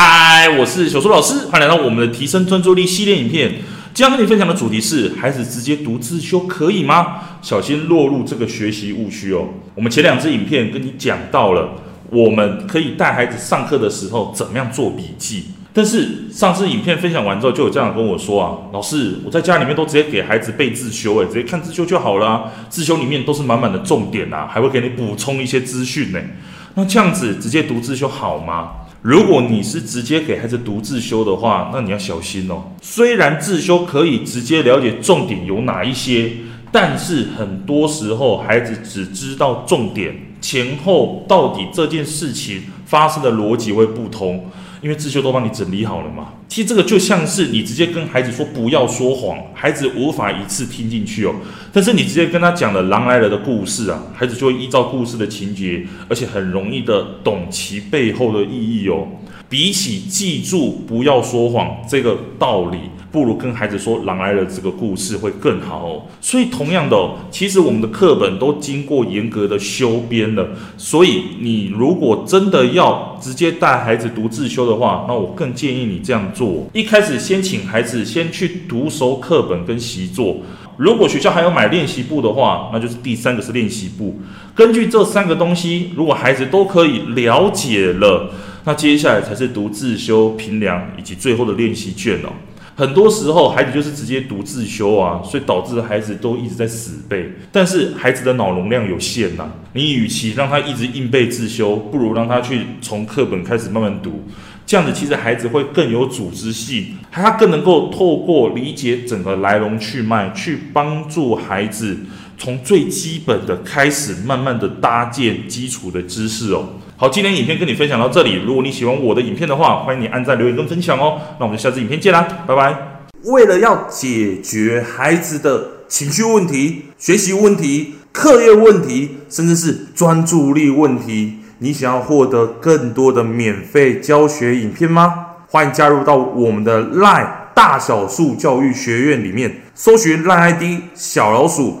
嗨，Hi, 我是小蘇老師，歡迎來到我們的提升專注力系列影片。今天跟你分享的主題是：孩子直接讀自修可以嗎？小心落入這個學習誤區哦。我們前兩支影片跟你講到了，我們可以帶孩子上課的時候怎麼樣做筆記。但是上次影片分享完之後，就有家長跟我說啊，老師，我在家裡面都直接給孩子背自修、欸，哎，直接看自修就好了、啊。自修裡面都是滿滿的重點啊，還會給你補充一些資訊呢。那這樣子直接讀自修好嗎？如果你是直接給孩子讀自修的話，那你要小心哦。雖然自修可以直接了解重點有哪一些，但是很多時候孩子只知道重點，前後到底這件事情發生的邏輯會不同。因為自修都幫你整理好了嘛，其實這個就像是你直接跟孩子說不要說謊，孩子無法一次聽進去哦。但是你直接跟他講了狼來了的故事啊，孩子就會依照故事的情節，而且很容易的懂其背後的意義哦。比起記住不要說謊這個道理，不如跟孩子說狼來了這個故事會更好哦。所以，同樣的，其實我們的課本都經過嚴格的修編了。所以，你如果真的要直接帶孩子讀自修的話，那我更建議你這樣做：一開始先請孩子先去讀熟課本跟習作。如果學校還要買練習簿的話，那就是第三個是練習簿。根據這三個東西，如果孩子都可以了解了。那接下來才是讀自修、評量以及最後的練習卷哦。很多時候，孩子就是直接讀自修啊，所以導致孩子都一直在死背。但是孩子的腦容量有限吶、啊，你與其讓他一直硬背自修，不如讓他去從課本開始慢慢讀。這樣子其實孩子會更有組織性，他更能夠透過理解整個來龍去脈，去幫助孩子。從最基本的開始，慢慢的搭建基礎的知識哦。好，今天影片跟你分享到這裡。如果你喜歡我的影片的話，歡迎你按讚、留言跟分享哦。那我們就下次影片見啦，拜拜。為了要解決孩子的情緒問題、學習問題、課業問題，甚至是專注力問題，你想要獲得更多的免費教學影片嗎？歡迎加入到我們的 LINE 大小樹教育學院裡面，搜尋 LINE ID 小老鼠，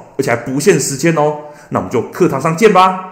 而且還不限時間哦，那我們就課堂上見吧。